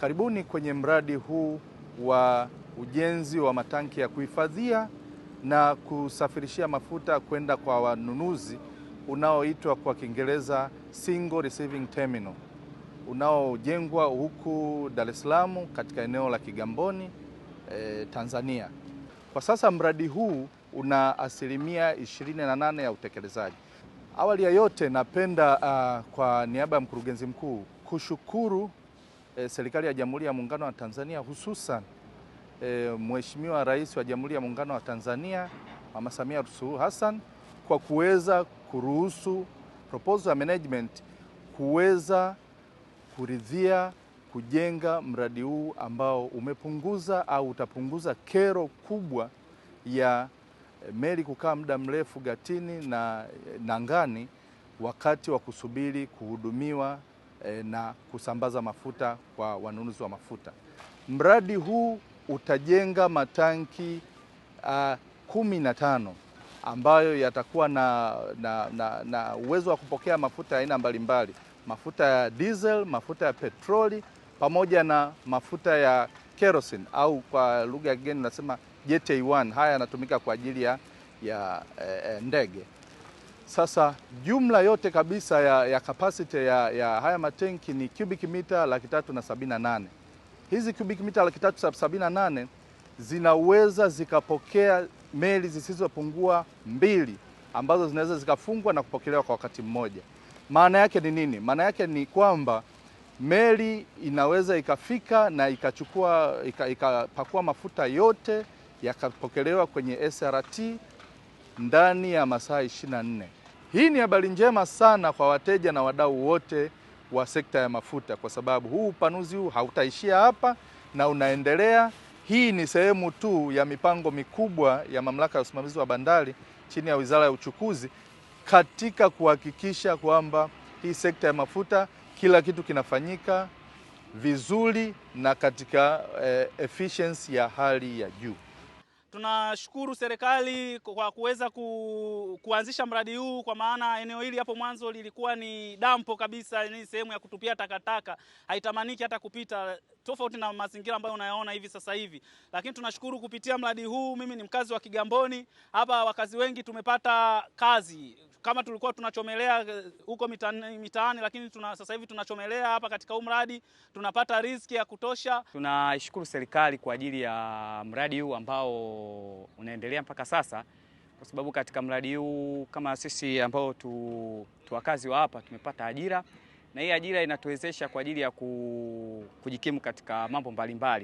Karibuni kwenye mradi huu wa ujenzi wa matanki ya kuhifadhia na kusafirishia mafuta kwenda kwa wanunuzi unaoitwa kwa Kiingereza single receiving terminal unaojengwa huku Dar es Salaam katika eneo la Kigamboni eh, Tanzania. Kwa sasa mradi huu una asilimia 28 ya utekelezaji. Awali ya yote, napenda uh, kwa niaba ya mkurugenzi mkuu kushukuru e, serikali ya Jamhuri ya Muungano wa Tanzania hususan e, Mheshimiwa Rais wa Jamhuri ya Muungano wa Tanzania Mama Samia Suluhu Hassan kwa kuweza kuruhusu proposal ya management kuweza kuridhia kujenga mradi huu ambao umepunguza au utapunguza kero kubwa ya eh, meli kukaa muda mrefu gatini na nangani wakati wa kusubiri kuhudumiwa e, na kusambaza mafuta kwa wanunuzi wa mafuta. Mradi huu utajenga matanki ah, kumi na tano ambayo yatakuwa na, na, na, na uwezo wa kupokea mafuta ya aina mbalimbali, mafuta ya diesel, mafuta ya petroli pamoja na mafuta ya kerosene au kwa lugha ya kigeni unasema JT1. Haya yanatumika kwa ajili ya, ya e, ndege. Sasa jumla yote kabisa ya, ya capacity ya, ya haya matenki ni cubic mita laki tatu na sabini na nane. Hizi cubic mita laki tatu na sabini na nane zinaweza zikapokea meli zisizopungua mbili ambazo zinaweza zikafungwa na kupokelewa kwa wakati mmoja. Maana yake ni nini? Maana yake ni kwamba meli inaweza ikafika na ikachukua ikapakua mafuta yote yakapokelewa kwenye SRT ndani ya masaa 24. Hii ni habari njema sana kwa wateja na wadau wote wa sekta ya mafuta, kwa sababu huu upanuzi huu hautaishia hapa na unaendelea. Hii ni sehemu tu ya mipango mikubwa ya Mamlaka ya Usimamizi wa Bandari chini ya Wizara ya Uchukuzi katika kuhakikisha kwamba hii sekta ya mafuta kila kitu kinafanyika vizuri na katika eh, efficiency ya hali ya juu. Tunashukuru serikali kwa kuweza ku, kuanzisha mradi huu kwa maana eneo hili hapo mwanzo lilikuwa ni dampo kabisa, ni sehemu ya kutupia takataka, haitamaniki hata kupita tofauti na mazingira ambayo unayaona hivi sasa hivi, lakini tunashukuru kupitia mradi huu. Mimi ni mkazi wa Kigamboni hapa, wakazi wengi tumepata kazi kama tulikuwa tunachomelea eh, huko mitaani, mitaani lakini tuna, sasa hivi tunachomelea hapa katika huu mradi tunapata riziki ya kutosha. Tunaishukuru serikali kwa ajili ya mradi huu ambao unaendelea mpaka sasa, kwa sababu katika mradi huu kama sisi ambao tu, tu wakazi wa hapa tumepata ajira na hii ajira inatuwezesha kwa ajili ya kujikimu katika mambo mbalimbali.